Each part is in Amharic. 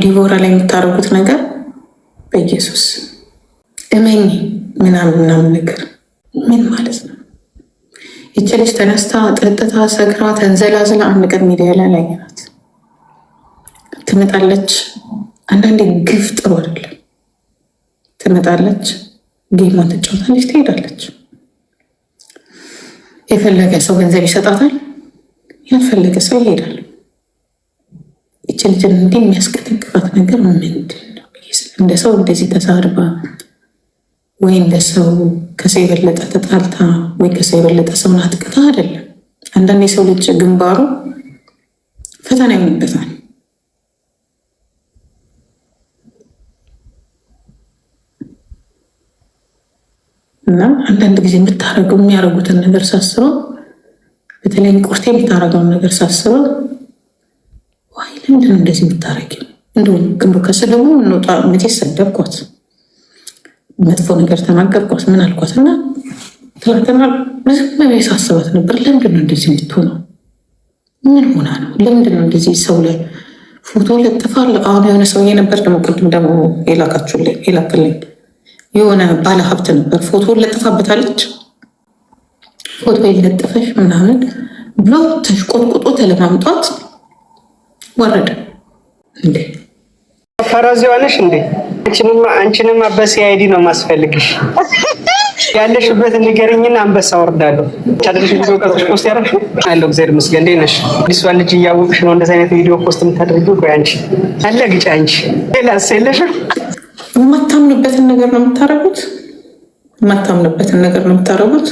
ዲቦራ ላይ የምታደርጉት ነገር በኢየሱስ እመኝ ምናምን ምናምን ነገር ምን ማለት ነው? ይቺ ልጅ ተነስታ ጠጥታ ሰክራ ተንዘላዝላ አንድ ቀን ሚዲያ ላይ ላየናት ትመጣለች። አንዳንዴ ግፍ ጥሩ አይደለም። ትመጣለች፣ ጌማን ትጫወታለች፣ ትሄዳለች። የፈለገ ሰው ገንዘብ ይሰጣታል፣ ያልፈለገ ሰው ይሄዳል። ይች ልጅን እንዲህ የሚያስቀጠቅፋት ነገር ምንድን ነው? እንደ ሰው እንደዚህ ተሳርባ ወይ እንደ ሰው ከሰው የበለጠ ተጣልታ ወይ ከሰው የበለጠ ሰውን አጥቅታ አይደለም። አንዳንድ የሰው ልጅ ግንባሩ ፈተና ይሆንበታል። እና አንዳንድ ጊዜ የምታረገው የሚያደርጉትን ነገር ሳስበው፣ በተለይ ቁርቴ የምታረገውን ነገር ሳስበው ምንድን ነው እንደዚህ የምታረጊ? እንደውም ግንቦት ከሰለሙ እንውጣ። መቼ ሰደብኳት፣ መጥፎ ነገር ተናገርኳት፣ ምን አልኳት እና ትናንትና ዝም ሳስባት ነበር። ለምንድን ነው እንደዚህ የምትሆነው? ምን ሆና ነው? ለምንድን ነው እንደዚህ ሰው ላይ ፎቶ ለጥፋል? አሁን የሆነ ሰውዬ ነበር ደግሞ ቅድም ደግሞ የላካችሁልኝ የላክልኝ የሆነ ባለ ሀብት ነበር ፎቶ ለጥፋበታለች። ፎቶ የለጥፈሽ ምናምን ብሎ ተሽቆጥቁጦ ተለማምጧት ወረደ እንዴ? ፈረዝ የሆነሽ እንዴ? አንቺንማ በሲአይዲ ነው የማስፈልግሽ። ያለሽበት ንገርኝና አንበሳ ወርዳለሁ። ታደርሽ ቪዲዮ ቀርጽሽ ፖስት ያረግሽ አለ። እግዚአብሔር ይመስገን። እንዴ ነሽ? ዲስዋን ልጅ እያወቅሽ ነው እንደዚህ አይነት ቪዲዮ ፖስት የምታደርጊው? ቆይ አንቺ አለ ግጫ አንቺ ሌላስ የለሽም? የማታምንበትን ነገር ነው የምታረጉት። የማታምንበትን ነገር ነው የምታረጉት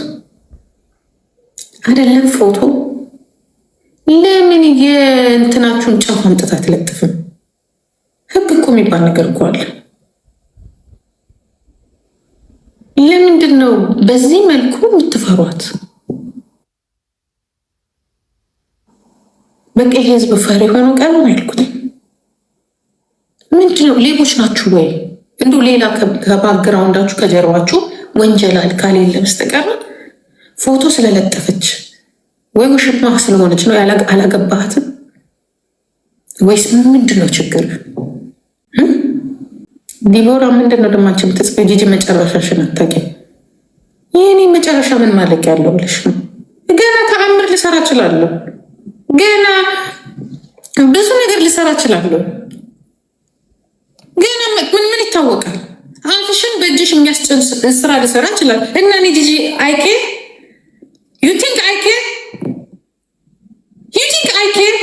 አይደለም ፎቶ ለምን የእንትናችሁን ጫፍ አምጥታ አትለጥፍም? ህግ እኮ የሚባል ነገር እኮ አለ። ለምንድን ነው በዚህ መልኩ የምትፈሯት? በቃ ህዝብ ፈሪ ሆኖ ቀርም ያልኩት ምንድነው? ሌቦች ናችሁ ወይ? እንዲሁ ሌላ ከባግራውንዳችሁ ከጀርባችሁ ወንጀል ካሌለ የለ በስተቀር ፎቶ ስለለጠፈች ወይ ሙሽራዋ ስለሆነች ነው አላገባትም? ወይስ ምንድን ነው ችግር? ዲቦራ ምንድን ነው ደማንች ምትጽፈ? ጂጂ መጨረሻሽን አታውቂም። የኔ መጨረሻ ምን ማለቅ ያለው ብለሽ ነው? ገና ተአምር ልሰራ እችላለሁ። ገና ብዙ ነገር ልሰራ እችላለሁ። ገና ምን ምን ይታወቃል? አፍሽን በእጅሽ የሚያስጭን ስራ ልሰራ እችላለሁ። እና እኔ ጂጂ አይኬ ዩ ቲንክ አይኬ ቲንክ አይ ኬር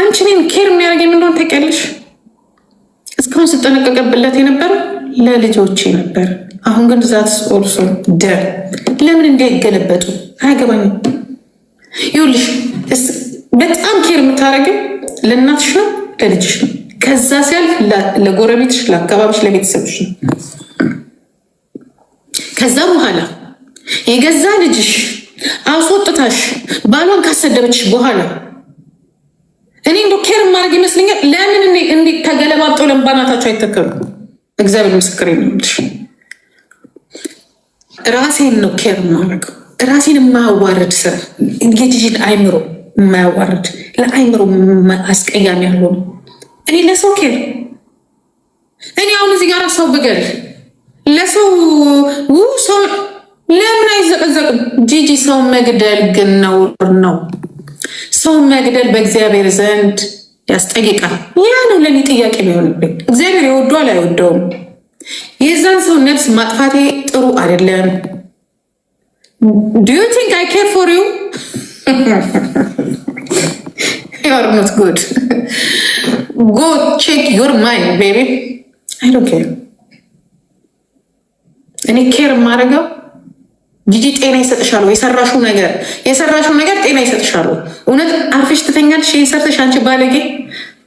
አንቺ እኔን ኬር የሚያደርገኝ ምን እንደሆነ ታውቂያለሽ? እስካሁን ስጠነቀቅብለት የነበረ ለልጆቼ ነበር። አሁን ግን ዛትስ ኦልሶ ደ ለምን እንዳይገለበጡ አያገባኝም። ይኸውልሽ በጣም ኬር የምታደርገው ለእናትሽ ነው ለልጅሽ ነው። ከዛ ሲያልፍ ለጎረቤትሽ፣ ለአካባቢሽ፣ ለቤተሰብሽ ነው። ከዛ በኋላ የገዛ ልጅሽ አስወጥታሽ ባሏን ካሰደበች በኋላ እኔ እንደ ኬር ማድረግ ይመስለኛል። ለምን እንዲ ተገለባብጠው ለምባናታቸው አይተከሉ? እግዚአብሔር ምስክር ነች። ራሴን ነው ኬር ማድረግ ራሴን የማያዋርድ ስራ የጂጂን አይምሮ የማያዋርድ ለአይምሮ አስቀያሚ ያልሆነ እኔ ለሰው ኬር እኔ አሁን እዚህ ጋር ሰው ብገል ለሰው ሰው አይዘቀዘቅም። ጂጂ ሰው መግደል ግን ነውር ነው። ሰው መግደል በእግዚአብሔር ዘንድ ያስጠይቃል። ያ ነው ለእኔ ጥያቄ ቢሆንብኝ፣ እግዚአብሔር ይወዷል አይወደውም። የዛን ሰው ነፍስ ማጥፋቴ ጥሩ አይደለም። ዱ ዩ ቲንክ አይ ኬር ፎር ዩ ዩር ኖት ጉድ ጎ ቼክ ዩር ማይንድ ቤቢ አይ ዶንት ኬር እኔ ኬር የማደርገው ጂጂ ጤና ይሰጥሻል ወይ? የሰራሽው ነገር የሰራሽው ነገር ጤና ይሰጥሻል ወይ? እውነት አርፈሽ ትተኛለሽ? ይሄን ሰርተሽ አንቺ ባለጌ!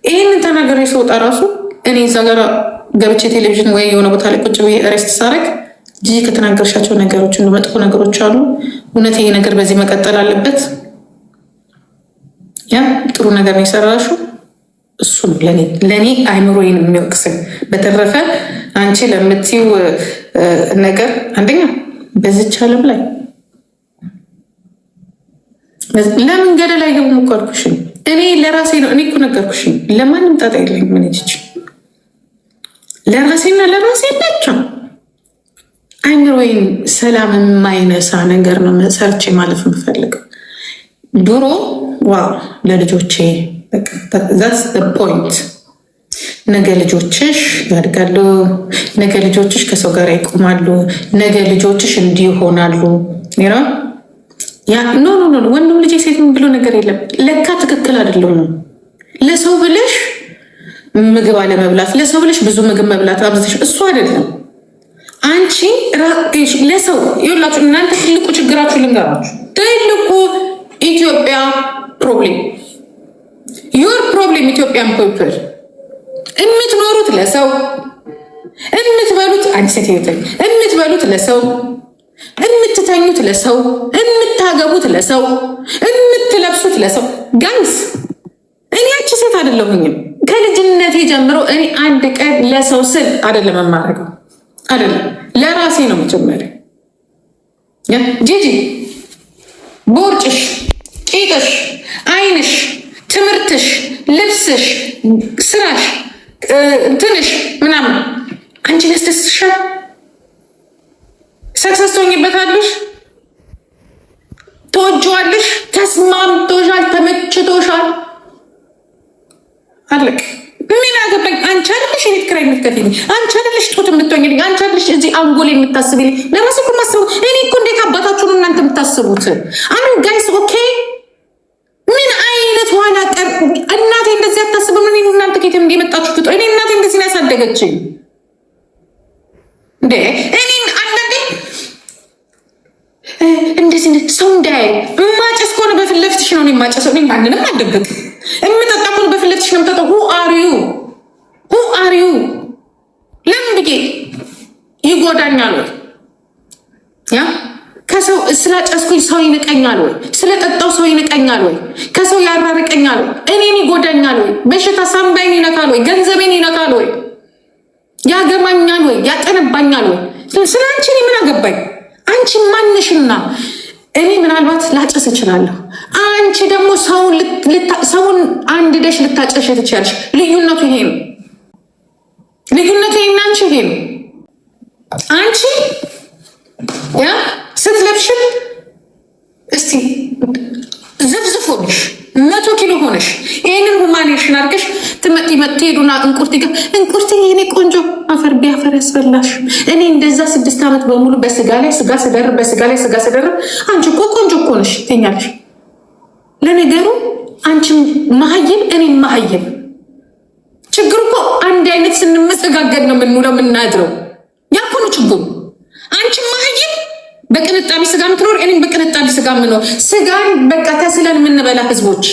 ይህን ተናገር ስወጣ ራሱ እኔ እዛ ጋር ገብቼ ቴሌቪዥን ወይ የሆነ ቦታ ላይ ቁጭ ብዬ ሬስት ሳረግ ጂጂ ከተናገርሻቸው ነገሮች እንደ መጥፎ ነገሮች አሉ። እውነት ይሄ ነገር በዚህ መቀጠል አለበት? ያ ጥሩ ነገር ነው የሰራሽው። እሱም ለእኔ አይምሮዬን የሚወቅስን። በተረፈ አንቺ ለምትይው ነገር አንደኛ በዚች ዓለም ላይ ለምን ገደል አይገቡም እኮ አልኩሽን። እኔ ለራሴ ነው። እኔ እኮ ነገርኩሽን። ለማንም ጣጣ የለኝ። ምንጅች ለራሴና ለራሴ ናቸው። ብቻ ወይም ሰላም የማይነሳ ነገር ነው ሰርቼ ማለፍ የምፈልገው። ድሮ ዋ ለልጆቼ ዛትስ ፖይንት ነገ ልጆችሽ ያድጋሉ፣ ነገ ልጆችሽ ከሰው ጋር ይቆማሉ፣ ነገ ልጆችሽ እንዲህ ይሆናሉ። ኖ ኖ ወንድም ልጅ ሴት ብሎ ነገር የለም። ለካ ትክክል አይደለም። ለሰው ብለሽ ምግብ አለመብላት፣ ለሰው ብለሽ ብዙ ምግብ መብላት አብዝተሽ እሱ አይደለም አንቺ ለሰው ይላችሁ። እናንተ ትልቁ ችግራችሁ ልንገራችሁ፣ ትልቁ ኢትዮጵያ ፕሮብሌም ዩር ፕሮብሌም ኢትዮጵያን ፖፕል የምትኖሩት ለሰው የምትበሉት አንቺ ሴት የምትበሉት ለሰው እምትተኙት ለሰው እምታገቡት ለሰው የምትለብሱት ለሰው። ጋይስ እኔ አንቺ ሴት አይደለሁኝም። ከልጅነቴ ጀምሮ እኔ አንድ ቀን ለሰው ስል አይደለም የማደርገው አይደለም ለራሴ ነው መጀመሪ ጂጂ ቦርጭሽ፣ ቂጥሽ፣ አይንሽ፣ ትምህርትሽ፣ ልብስሽ፣ ስራሽ ትንሽ ምናምን አንቺ ያስደስትሻል። ሰክሰስ ትሆኝበታለሽ፣ ተወጅዋለሽ፣ ተስማምቶሻል፣ ተመችቶሻል። አለቅ ምን አገባኝ? አንቺ አይደለሽ የቤት ኪራይ የምትከፊልኝ፣ አንቺ አይደለሽ ጡት የምትሆኝልኝ፣ አንቺ አይደለሽ እዚህ አንጎል የምታስብልኝ። ለራሱ እኮ ማስበው እኔ እኮ እንዴት አባታችሁን እናንተ የምታስቡት አሁን ጋይስ ኦኬ እናቴ እንደዚህ አታስብም። እኔ እናንተ ከየት እንደመጣችሁ ፍጡ። እኔ እናቴ እንደዚህ ነው ያሳደገችኝ። እንደ እኔ አንዳንዴ እንደዚህ ሰው እንዳያይ ማጨስ ከሆነ በፊት ለፊትሽ ነው የማጨሰው። እኔ ማንንም አልደብቅም። የምጠጣ ከሆነ በፊት ለፊትሽ ነው የምጠጣው። ሁ አሪዩ ሁ አሪዩ ለምን ብዬ ይጎዳኛል ያ ከሰው ስለጨስኩኝ ሰው ይንቀኛል ወይ? ስለጠጣው ሰው ይንቀኛል ወይ? ከሰው ያራርቀኛል ወይ? እኔን ይጎዳኛል ወይ? በሽታ ሳምባይን ይነካል ወይ? ገንዘቤን ይነካል ወይ? ያገማኛል ወይ? ያጠነባኛል ወይ? ስለ አንቺ እኔ ምን አገባኝ? አንቺ ማንሽና እኔ ምናልባት ላጨስ እችላለሁ። አንቺ ደግሞ ሰውን አንድ ደሽ ልታጨሽ ትችላለሽ። ልዩነቱ ይሄ ነው። ልዩነቱ ይሄና አንቺ ይሄ ነው አንቺ ካሰብሽም እስቲ ዝፍዝፎንሽ መቶ ኪሎ ሆነሽ ይህንን ሁማኔሽን አድርገሽ ትመጥ ትሄዱና እንቁርት ይገ እንቁርት የኔ ቆንጆ አፈር ቢያፈር ያስፈላሽ። እኔ እንደዛ ስድስት ዓመት በሙሉ በስጋ ላይ ስጋ ስደርብ በስጋ ላይ ስጋ ስደርብ፣ አንቺ እኮ ቆንጆ እኮ ነሽ ትኛለሽ። ለነገሩ አንቺም መሀይም እኔም መሀይም። ችግሩ እኮ አንድ አይነት ስንመሰጋገድ ነው። የምንውለው የምናድረው ያኮኑ ችግሩ አንቺም መሀይም በቅንጣቢ ስጋ ምትኖር እኔም በቅንጣቢ ስጋ ምኖር ስጋን በቃ ተስለን የምንበላ ህዝቦች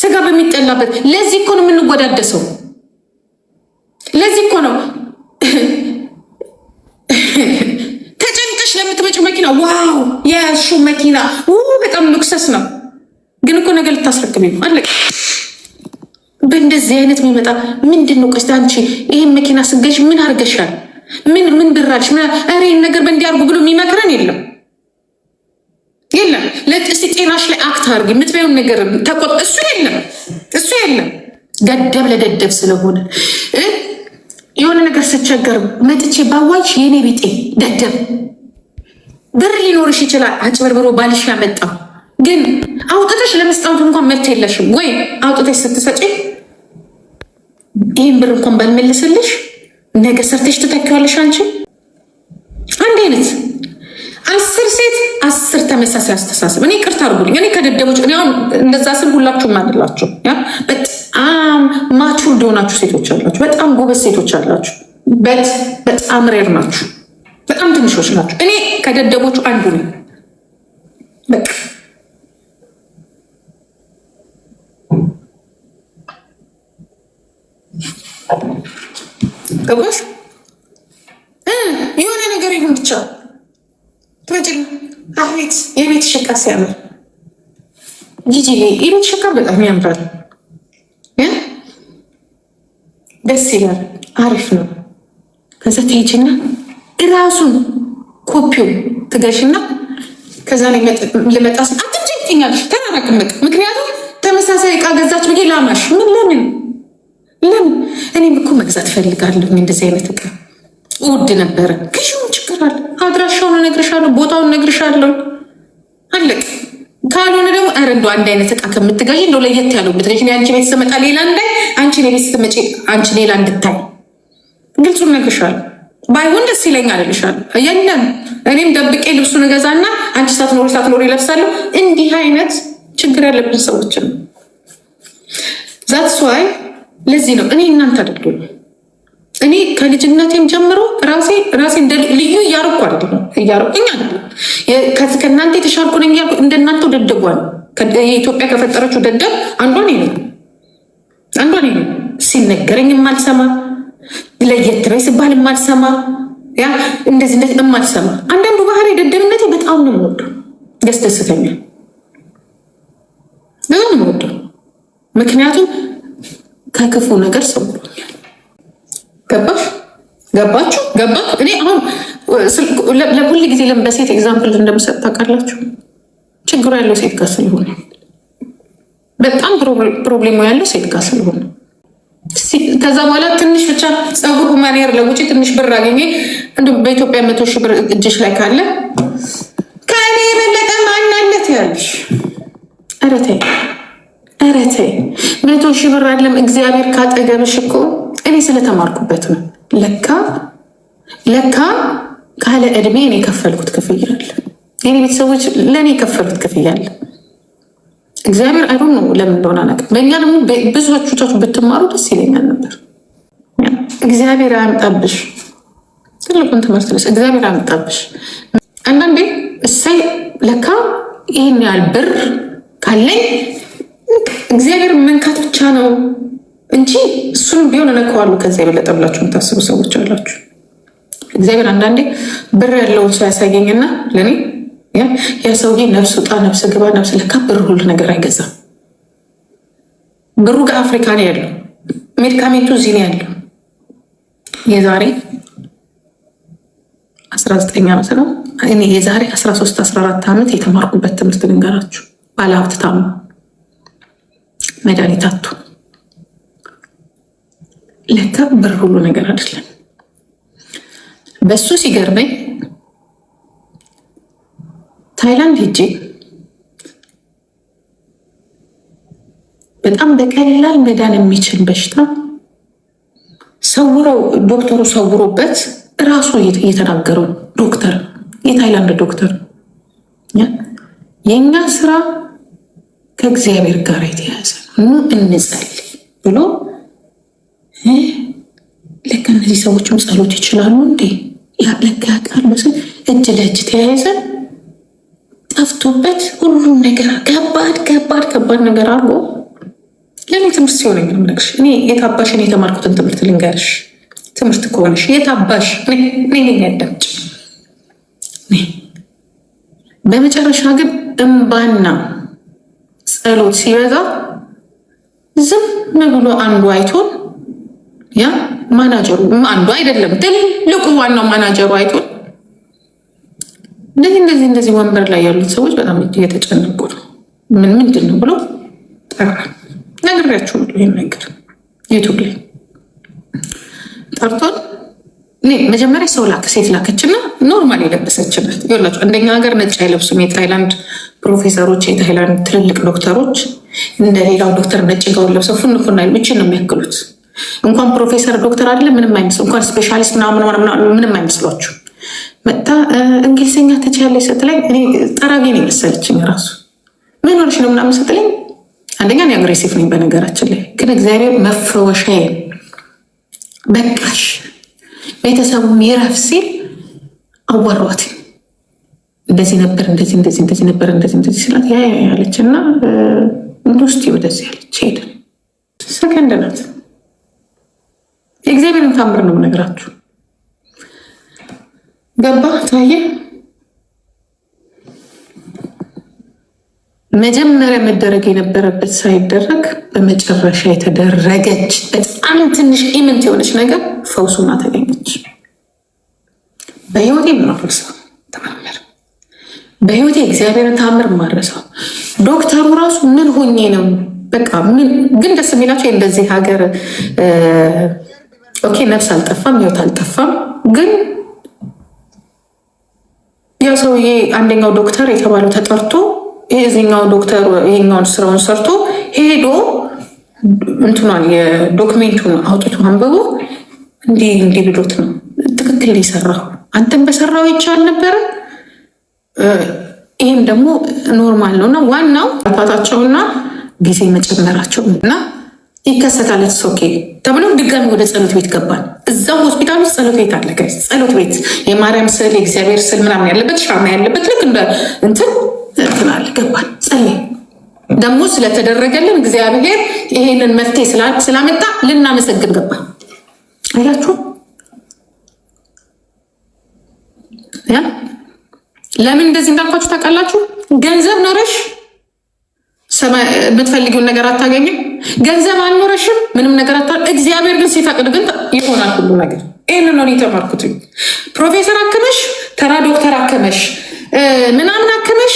ስጋ በሚጠላበት ለዚህ እኮ ነው የምንወዳደሰው። ለዚህ እኮ ነው ተጨንቀሽ ለምትመጪው መኪና ዋው የያሹ መኪና በጣም ሉክሰስ ነው፣ ግን እኮ ነገር ልታስረክም ነው አለ። በእንደዚህ አይነት የሚመጣ ምንድን ነው? ቀስ አንቺ ይህን መኪና ስገሽ ምን አርገሻል? ምን ምን ብራልሽ ሬን ነገር በእንዲያርጉ ብሎ የሚመክረን የለም የለም። ለጥስ ጤናሽ ላይ አክት አርግ የምትበይውን ነገር ተቆጥ እሱ የለም እሱ የለም። ደደብ ለደደብ ስለሆነ የሆነ ነገር ስቸገር መጥቼ ባዋጅ የእኔ ቢጤ ደደብ ብር ሊኖርሽ ይችላል። አጭበርብሮ ባልሽ ያመጣው ግን አውጥተሽ ለመስጣቱ እንኳን መብት የለሽም ወይ አውጥተሽ ስትሰጪ ይህን ብር እንኳን ባልመልስልሽ ነገ ሰርተሽ ትተኪዋለሽ። አንቺ አንድ አይነት አስር ሴት አስር ተመሳሳይ አስተሳሰብ። እኔ ቅርት አድርጉልኝ፣ እኔ ከደደቦች እኔ አሁን እንደዛ ስል ሁላችሁም አይደላችሁ። በጣም ማቹር እንደሆናችሁ ሴቶች አላችሁ፣ በጣም ጎበዝ ሴቶች አላችሁ፣ በት በጣም ሬር ናችሁ፣ በጣም ትንሾች ናችሁ። እኔ ከደደቦቹ አንዱ ነኝ። በቃ ገባሽ? የሆነ ነገር ይሁን ብቻ ትመጭል። አቤት የቤት ሽካ ሲያምር ጂጂ፣ የቤት ሽካ በጣም ያምራል፣ ደስ ይላል፣ አሪፍ ነው። ከዛ ትሄጂና እራሱን ኮፒው ትገሽና ከዛ ልመጣ ስ አትጨቅኛል። ተናራቅምቅ ምክንያቱም ተመሳሳይ እቃ ገዛች ብዬ ላማሽ ምን ለምን ለምን እኔም እኮ መግዛት ፈልጋለሁ። እንደዚህ አይነት እቃ ውድ ነበረ። ግዢውን ችግር አለ። አድራሻውን እነግርሻለሁ፣ ቦታውን እነግርሻለሁ። አለቅ ካልሆነ ደግሞ ኧረ እንደው አንድ አይነት እቃ ከምትገዢ እንደው ለየት ያለው ብትገዢ፣ አንቺ ቤት ስመጣ ሌላ እንዳይ፣ አንቺ ቤት ስትመጪ አንቺ ሌላ እንድታይ፣ ግልጹን እነግርሻለሁ። ባይሆን ደስ ይለኛል እልሻለሁ። የለም እኔም ደብቄ ልብሱን እገዛና አንቺ ሳትኖሪ ሳትኖሪ ይለብሳለሁ። እንዲህ አይነት ችግር ያለብን ሰዎች ነው ዛትስ ዋይ ለዚህ ነው እኔ እናንተ አደርጉ እኔ ከልጅነቴም ጀምሮ ራሴ ራሴ እንደ ልዩ እያርኩ አለ እያረ እኛ ከእናንተ የተሻልኩ ነኝ እያልኩ እንደናንተ ደደጓ ነው። የኢትዮጵያ ከፈጠረችው ደደብ አንዷ ነው አንዷ ነው ሲነገረኝ የማልሰማ ለየት በይ ስባል የማልሰማ ያ እንደዚህ እንደዚህ የማልሰማ አንዳንዱ ባህሪ ደደብነቴ በጣም ነው የምወደው፣ ያስደስተኛል። በጣም ነው የምወደው ምክንያቱም ከክፉ ነገር ሰውሮኛል። ገባሽ? ገባችሁ? ገባ እኔ አሁን ለሁል ጊዜ ለም በሴት ኤግዛምፕል እንደምሰጥ ታውቃላችሁ። ችግሩ ያለው ሴት ጋር ስለሆነ በጣም ፕሮብሌሙ ያለው ሴት ጋር ስለሆነ ከዛ በኋላ ትንሽ ብቻ ፀጉር ማንያር ለውጭ ትንሽ ብር አገኘ እንዲ በኢትዮጵያ መቶ ሺህ ብር እጅሽ ላይ ካለ ከእኔ የበለጠ ማናነት ያለሽ ኧረ ተይ ኧረ ተይ መቶ ሺህ ብር አለም እግዚአብሔር ካጠገብሽ እኮ እኔ ስለተማርኩበት ነው። ለካ ለካ ካለ እድሜ እኔ የከፈልኩት ክፍያ አለ። የኔ ቤተሰቦች ለእኔ የከፈሉት ክፍያ አለ። እግዚአብሔር አይሆን ነው ለምን እንደሆነ ነገር በእኛ ደግሞ ብዙዎቹ ብዙዎቹቻችሁ ብትማሩ ደስ ይለኛል ነበር። እግዚአብሔር አያምጣብሽ ትልቁን ትምህርት ነች። እግዚአብሔር አያምጣብሽ። አንዳንዴ እሰይ ለካ ይህን ያህል ብር ካለኝ እግዚአብሔር መንካት ብቻ ነው እንጂ እሱን ቢሆን እነከዋሉ። ከዚያ የበለጠ ብላችሁ የምታስቡ ሰዎች አላችሁ። እግዚአብሔር አንዳንዴ ብር ያለውን ሰው ያሳየኝና ለእኔ ያ ሰውዬ ነፍስ ውጣ፣ ነፍስ ግባ፣ ነፍስ ለካ ብር ሁሉ ነገር አይገዛም። ብሩ ጋር አፍሪካ ነው ያለው፣ ሜዲካሜንቱ እዚህ ነው ያለው። የዛሬ 19 ዓመት ነው የዛሬ 13 14 ዓመት የተማርኩበት ትምህርት ልንገራችሁ። ባለሀብት ታሙ መድኃኒት አቶ ለካ ብር ሁሉ ነገር አይደለም። በሱ ሲገርመኝ ታይላንድ ሄጄ በጣም በቀላል መዳን የሚችል በሽታ ሰውረው ዶክተሩ ሰውሮበት ራሱ እየተናገረው ዶክተር የታይላንድ ዶክተር የእኛ ስራ ከእግዚአብሔር ጋር የተያዘ ነው። እንጸልይ ብሎ ልክ እነዚህ ሰዎችም ጸሎት ይችላሉ እንዴ? ለካ ያውቃሉ ስል እጅ ለእጅ ተያይዘ ጠፍቶበት ሁሉም ነገር ከባድ ከባድ ከባድ ነገር አሉ። ለእኔ ትምህርት ሲሆነኝ ምነግርሽ እኔ እኔ የተማርኩትን ትምህርት ልንገርሽ። ትምህርት ከሆነሽ የታባሽ እኔ ያዳምጭ። በመጨረሻ ግን እምባና ጸሎት ሲበዛ ዝም ብሎ አንዱ አይቶን ያ ማናጀሩ አንዱ አይደለም ትልቁ ዋናው ማናጀሩ አይቶን እንደዚህ እንደዚህ እንደዚህ ወንበር ላይ ያሉት ሰዎች በጣም እየተጨነቁ ነው፣ ምን ምንድን ነው ብሎ ጠራ። ነግሬያችሁ ብሎ ይህን ነገር ዩቱብ ላይ ጠርቶን መጀመሪያ ሰው ላክ ሴት ላከችና ኖርማል የለበሰችበት ይላቸው። እንደኛ ሀገር ነጭ አይለብሱም። የታይላንድ ፕሮፌሰሮች፣ የታይላንድ ትልልቅ ዶክተሮች እንደሌላው ዶክተር ነጭ ጋውን ለብሰው ፉን ፉን ነው የሚያክሉት። እንኳን ፕሮፌሰር ዶክተር አለ ምንም አይመስሉ፣ እንኳን ስፔሻሊስት ምንም አይመስሏችሁ። መጣ እንግሊዝኛ ትችያለሽ ስትለኝ እኔ ጠራጊ ነው የመሰለችኝ። ራሱ ምን ሆነሽ ነው ምናምን ስትለኝ አንደኛ እኔ አግሬሲቭ ነኝ በነገራችን ላይ ግን እግዚአብሔር መፈወሻዬ በቃሽ ቤተሰቡ ይረፍ ሲል አወሯት። እንደዚህ ነበር እንደዚህ እንደዚህ እንደዚህ ነበር እንደዚህ እንደዚህ ስላት ያ ያለች እና ውስጥ ወደዚህ ያለች ሄደ። ሰከንድ ናት። የእግዚአብሔርን ታምር ነው ነገራችሁ። ገባ ታየ መጀመሪያ መደረግ የነበረበት ሳይደረግ በመጨረሻ የተደረገች በጣም ትንሽ ኢምንት የሆነች ነገር ፈውሱና ተገኘች። በህይወቴ ማረሰው ተመር በህይወቴ እግዚአብሔር ታምር ማረሰው። ዶክተሩ ራሱ ምን ሆኜ ነው በቃ ምን ግን ደስ የሚላቸው የእንደዚህ ሀገር ኦኬ፣ ነፍስ አልጠፋም፣ ህይወት አልጠፋም። ግን ያ ሰውዬ አንደኛው ዶክተር የተባለው ተጠርቶ ይሄኛው ዶክተር ይሄኛውን ስራውን ሰርቶ ሄዶ እንትኗን የዶክሜንቱን አውጥቶ አንብቦ እንዲህ እንዲህ ብሎት ነው ትክክል የሰራው አንተም በሰራው ይቻል ነበረ። ይህም ደግሞ ኖርማል ነው እና ዋናው አባታቸውና ጊዜ መጨመራቸው እና ይከሰታል ሶኬ ተብሎ ድጋሚ ወደ ጸሎት ቤት ገባል። እዛው ሆስፒታል ውስጥ ጸሎት ቤት አለ። ጸሎት ቤት የማርያም ስዕል፣ የእግዚአብሔር ስዕል ምናምን ያለበት ሻማ ያለበት ልክ እንደ እንትን እንትናል ገባን ጸለይ ደግሞ ስለተደረገልን እግዚአብሔር ይሄንን መፍትሄ ስላመጣ ልናመሰግን ገባን። አያችሁ ለምን እንደዚህ እንዳልኳችሁ ታውቃላችሁ? ገንዘብ ኖረሽ የምትፈልጊውን ነገር አታገኝም። ገንዘብ አልኖረሽም ምንም ነገር አታ እግዚአብሔር ግን ሲፈቅድ ግን ይሆናል ሁሉ ነገር። ይህንን ነው የተማርኩት። ፕሮፌሰር አክመሽ፣ ተራ ዶክተር አክመሽ፣ ምናምን አክመሽ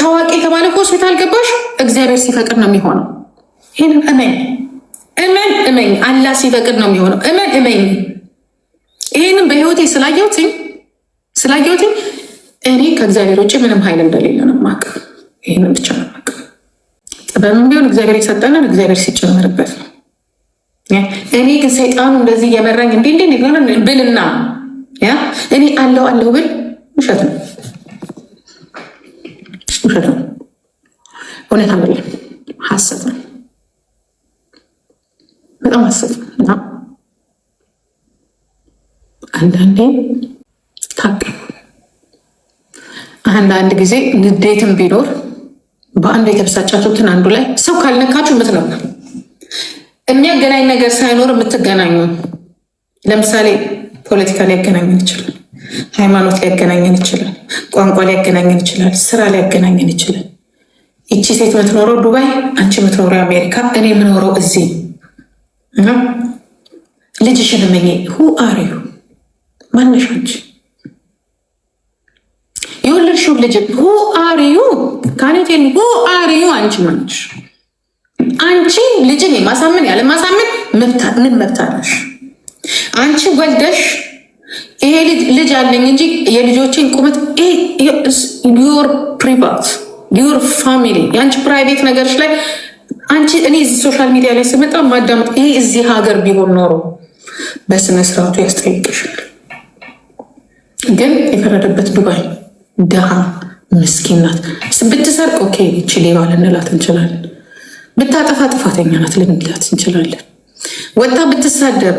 ታዋቂ የተባለ ሆስፒታል ገባሽ፣ እግዚአብሔር ሲፈቅድ ነው የሚሆነው። ይህንም እመኝ እመን እመኝ፣ አላ ሲፈቅድ ነው የሚሆነው። እመን እመኝ። ይህንም በህይወቴ ስላየሁትኝ ስላየሁትኝ እኔ ከእግዚአብሔር ውጭ ምንም ኃይል እንደሌለ ነው የማውቅ። ይህንም ብቻ ነው የማውቅ። ጥበብም ቢሆን እግዚአብሔር የሰጠንን እግዚአብሔር ሲጨመርበት ነው። እኔ ግን ሰይጣኑ እንደዚህ እየመረኝ እንዲ እንዲ ብልና እኔ አለው አለው ብል ውሸት ነው። ውሸት ነው፣ እውነት አይደለም፣ ሀሰት ነው። በጣም ሀሰት ነው። እና አንዳንዴ ታቅ አንዳንድ ጊዜ ንዴትም ቢኖር በአንድ የተበሳጫችሁትን አንዱ ላይ ሰው ካልነካችሁ የምትነኩ የሚያገናኝ ነገር ሳይኖር የምትገናኙ ለምሳሌ ፖለቲካ ሊያገናኘን ይችላል። ሃይማኖት ሊያገናኘን ይችላል። ቋንቋ ሊያገናኘን ይችላል። ስራ ሊያገናኘን ይችላል። ይቺ ሴት የምትኖረው ዱባይ፣ አንቺ የምትኖረው አሜሪካ፣ እኔ የምኖረው እዚህ። ልጅሽን ምኝ ሁ አርዩ ማነሽ አንቺ? የወለድሽው ልጅ ሁ አርዩ ካኔቴን ሁ አርዩ አንቺ ማነሽ? አንቺ ልጅን የማሳመን ያለማሳመን ምን መብት አለሽ? አንቺ ወልደሽ ይሄ ልጅ አለኝ እንጂ የልጆችን ቁመት ዩር ፕሪቫት ዩር ፋሚሊ የአንቺ ፕራይቬት ነገሮች ላይ አንቺ እኔ እዚህ ሶሻል ሚዲያ ላይ ስመጣ ማዳመጥ ይሄ እዚህ ሀገር ቢሆን ኖሮ በስነስርዓቱ ያስጠይቅሻል። ግን የፈረደበት ዱባይ ድሃ ምስኪን ናት። ብትሰርቅ ኦኬ ይቺ ሌባ ልንላት እንችላለን። ብታጠፋ ጥፋተኛ ናት ልንላት እንችላለን። ወጣ ብትሳደብ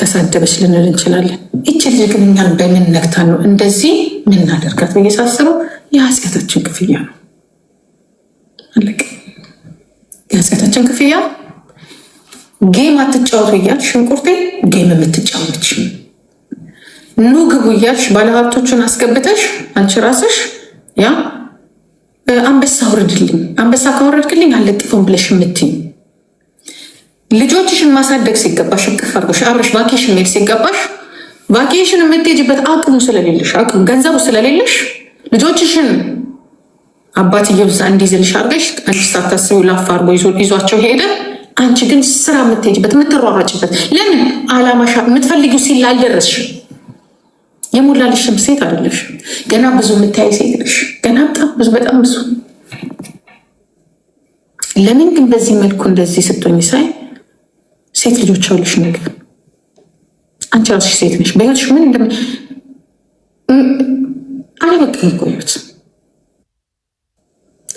ተሳደበች ልንል እንችላለን። ይች ልጅ ግን እኛን በምን ነግታ ነው እንደዚህ ምናደርጋት ብዬ ሳስበው የኃጢአታችን ክፍያ ነው። የኃጢአታችን ክፍያ ጌም አትጫወቱ እያልሽ ሽንቁርቴ ጌም የምትጫወች ኑ ግቡ እያልሽ ባለሀብቶቹን አስገብተሽ አንቺ ራስሽ ያ አንበሳ አውርድልኝ አንበሳ ካወረድክልኝ አለጥፎን ብለሽ የምትይ ልጆችሽን ማሳደግ ሲገባሽ እቅፍ አድርጎሽ አብረሽ ቫኬሽን ሄድ ሲገባሽ ቫኬሽን የምትሄጅበት አቅሙ ስለሌለሽ አቅሙ ገንዘቡ ስለሌለሽ ልጆችሽን አባትየው እዛ እንዲዝልሽ አድርገሽ አንቺ ሳታስቢው ላፍ አድርጎ ይዟቸው ሄደ። አንቺ ግን ስራ የምትሄጅበት የምትሯሯጭበት ለምን አላማሻ የምትፈልጊው ሲል አልደረስሽ። የሞላልሽም ሴት አይደለሽ። ገና ብዙ የምታይ ሴት ነሽ። ገና በጣም ብዙ በጣም ብዙ። ለምን ግን በዚህ መልኩ እንደዚህ ስትሆኝ ሳይ ሴት ልጆች አሉሽ። ነገ አንቺ ራስሽ ሴት ነሽ። በያልሽ ምን እንደ አለበቃ ይቆዩት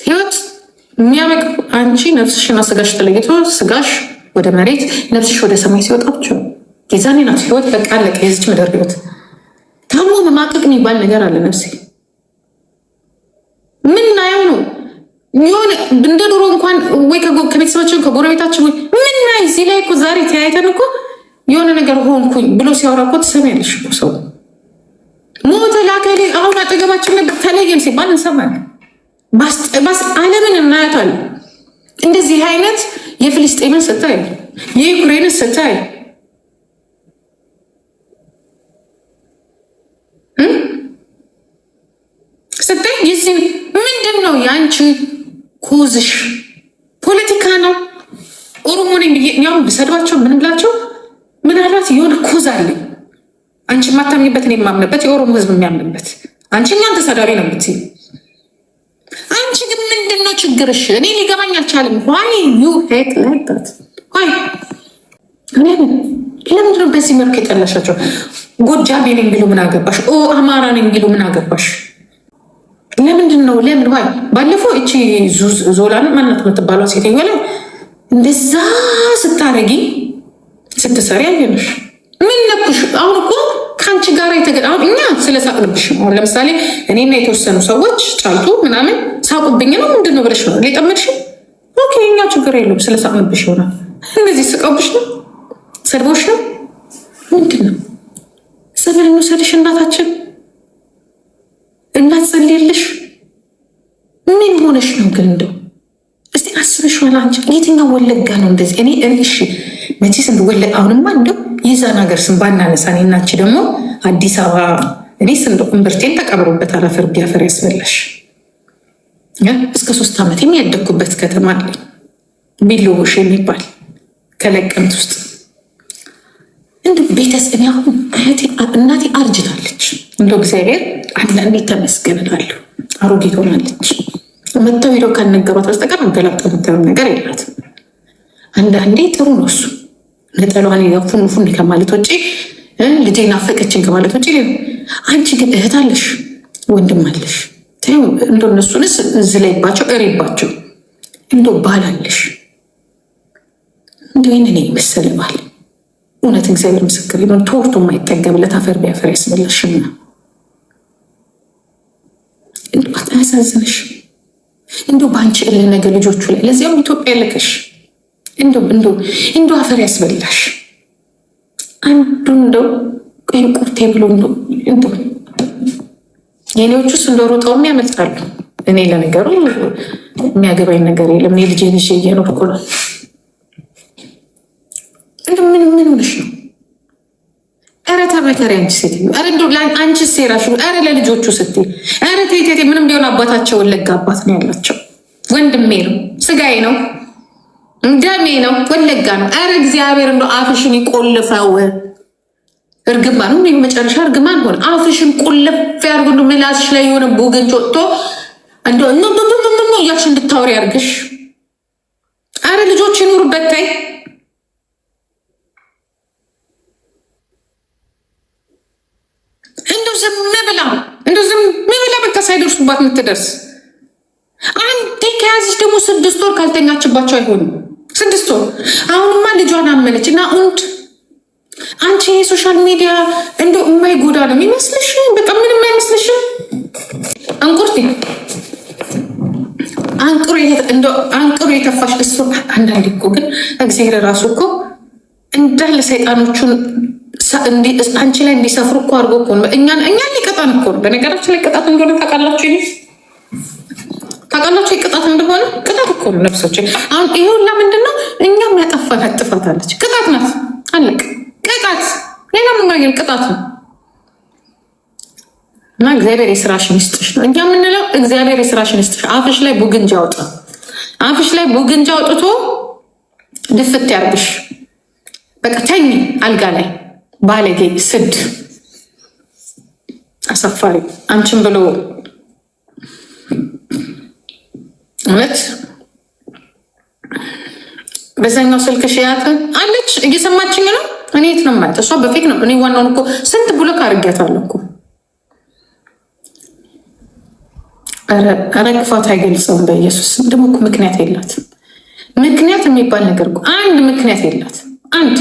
ህይወት የሚያበቅ አንቺ ነፍስሽና ስጋሽ ተለይቶ ስጋሽ ወደ መሬት ነፍስሽ ወደ ሰማይ ሲወጣ ብቻ የዛኔ ናት ህይወት በቃ አለቀ። የዚች ምድር ህይወት ታሞ መማቀቅ የሚባል ነገር አለ። ነፍሴ ምን ናየው ነው የሆነ እንደ ድሮ እንኳን ወይ ከቤተሰባችን ከጎረቤታችን ወይ ምን ናይ እዚህ ላይ እኮ ዛሬ ተያይተን እኮ የሆነ ነገር ሆንኩኝ ብሎ ሲያወራ እኮ ትሰሚያለሽ ሰው ሞተ ላከሌ አሁን አጠገባችን ነበር ተለየም ሲባል እንሰማለን። ባስ ዓለምን እናያታለን። እንደዚህ አይነት የፍልስጤምን ስታይ የዩክሬንን ስታይ ስታይ የዚህ ምንድን ነው የአንቺ ኮዝሽ ፖለቲካ ነው። ኦሮሞን ኛውም ብሰድባቸው ምን ብላቸው ምናልባት የሆነ ኮዝ አለ። አንቺ የማታምኝበት እኔ የማምንበት የኦሮሞ ህዝብ የሚያምንበት አንቺ እኛን ተሳዳቢ ነው ምት አንቺ ግን ምንድን ነው ችግርሽ? እኔ ሊገባኝ አልቻለም። ዋይ ዩ ሄት ላይበት ዋይ ለምንድን ነው በዚህ መልክ የጠላሻቸው? ጎጃሜ ነኝ ቢሉ ምን አገባሽ? ኦ አማራ ነኝ ቢሉ ምን አገባሽ? ለምንድን ነው ለምን ዋይ ባለፈው እቺ ዞላን ማናት የምትባለው ሴትዮ ላይ እንደዛ ስታረጊ ስትሰሪ አየነሽ። ምን ነኩሽ? አሁን እኮ ከአንቺ ጋር የተገጣሁን እኛ ስለሳቅንብሽ ነው። ለምሳሌ እኔና የተወሰኑ ሰዎች ጫልቱ ምናምን ሳቁብኝ ነው ምንድን ነው ብለሽ ነው ሊጠመድሽ። ኦኬ እኛ ችግር የለውም ስለሳቅንብሽ ይሆናል። እንደዚህ ስቀብሽ ነው ሰድቦሽ ነው ምንድን ነው ሰብልን እንውሰድሽ እናታችን እናጸልልሽ። ምን ሆነሽ ነው ግን? እንደው እስቲ አስብሽዋል አንቺ። የትኛው ወለጋ ነው እንደዚህ? እኔ እንሽ መቼ ስንት ወለጋ አሁንማ እንደው የዛን ሀገር ስም ባናነሳ፣ እኔ እና ደግሞ አዲስ አበባ እኔ ስንት እምብርቴን ተቀብሮበት አላፈር ቢያፈር ያስበላሽ። እስከ ሶስት ዓመት የሚያደግኩበት ከተማ አለ ቢሎሽ የሚባል ከለቀምት ውስጥ እንደ ቤተሰብ አሁን እህቴ እናቴ አርጅታለች። እንደው እግዚአብሔር አንዳንዴ ተመስገንላለሁ። አሮጌት ሆናለች። መጥተው ሄደው ካልነገሯት በስተቀር ገላብጣ የምትለው ነገር የላትም። አንዳንዴ ጥሩ ነው እሱ ነጠሏን ፉንፉን ከማለት ውጭ ልጄ ናፈቀችን ከማለት ውጭ። አንቺ ግን እህት አለሽ፣ ወንድም አለሽ። እንደ እነሱንስ ባቸው እሬባቸው። እንደ ባል አለሽ፣ እንደ ይህንን የመሰል ባል እውነት እግዚአብሔር ምስክር ይሆን ተወርቶ የማይጠገምለት አፈር ቢያፈር ያስበላሽና እንደት አያሳዝንሽ? እንደው በአንቺ እለ ነገ ልጆቹ ላይ ለዚያም ኢትዮጵያ ልክሽ እንደው አፈር ያስበላሽ። አንዱ እንደው ቀይም ቁርቴ ብሎ የኔዎቹ ስ እንደው ያመልጣሉ። እኔ ለነገሩ የሚያገባኝ ነገር የለም። ልጄን ይዤ እየኖርኩ ነው። ምን ምን ሆነሽ ነው? ኧረ ተመከሪ አንቺ ሴትዮ። ኧረ እንደው አንቺ ሴራሽ። ኧረ ለልጆቹ ስትይ ኧረ ተይ ተይ ምንም ቢሆን አባታቸው ወለጋ አባት ነው ያላቸው። ወንድሜ ነው፣ ስጋዬ ነው፣ ደሜ ነው፣ ወለጋ ነው። ኧረ እግዚአብሔር እንደው አፍሽን ይቆልፈው። እርግማ ነው መጨረሻ እርግማን ሆነ። አፍሽን ቁልፍ ያርጉ። ምላስሽ ላይ የሆነ ቦገንጭ ወጥቶ እንደው እያልሽ እንድታወሪ ያርግሽ። አረ ልጆች ይኑሩበት ታይ ዝም ብላ እንደ ዝም ብላ በቃ ሳይደርሱባት የምትደርስ አንዴ ከያዝሽ ደግሞ ስድስት ወር ካልተኛችባቸው አይሆንም። ስድስት ወር አሁንማ ልጇን አመነች እና እንድ አንቺ የሶሻል ሚዲያ እንደ የማይጎዳ ነው ይመስልሽ? በጣም ምንም አይመስልሽም? አንቁርቲ አንቁር የተፋሽ እሱ አንዳንድ እኮ ግን እግዚአብሔር ራሱ እኮ እንዳለ ሰይጣኖቹን አንቺ ላይ እንዲሰፍሩ እኮ አድርጎ እኮ እኛን እኛን ሊቀጣን እኮ በነገራችን ላይ ቅጣት እንደሆነ ታውቃላችሁ ይ ታውቃላችሁ ቅጣት እንደሆነ ቅጣት እኮ ነብሶች አሁን ይሄ ሁላ ነው? እኛም ያጠፋናት ጥፋት አለች። ቅጣት ናት። አለቅ ቅጣት፣ ሌላ ምናገር ቅጣት ነው እና እግዚአብሔር የስራሽን ይስጥሽ ነው እኛ የምንለው። እግዚአብሔር የስራሽን ይስጥሽ። አፍሽ ላይ ቡግንጅ አውጣ፣ አፍሽ ላይ ቡግንጅ አውጥቶ ድፍት ያርግሽ። በቃ ተኝ አልጋ ላይ ባለጌ፣ ስድ፣ አሳፋሪ አንቺን ብሎ እውነት በዛኛው ስልክ ሽያት አለች። እየሰማችኝ ነው። እኔ የት ነው ማለት እሷ በፊት ነው እኔ ዋናውን እኮ ስንት ብሎክ አድርጊያታለሁ እኮ ኧረ ክፋት አይገልጸውም። በኢየሱስ ደግሞ ምክንያት የላትም። ምክንያት የሚባል ነገር አንድ ምክንያት የላትም። አንድ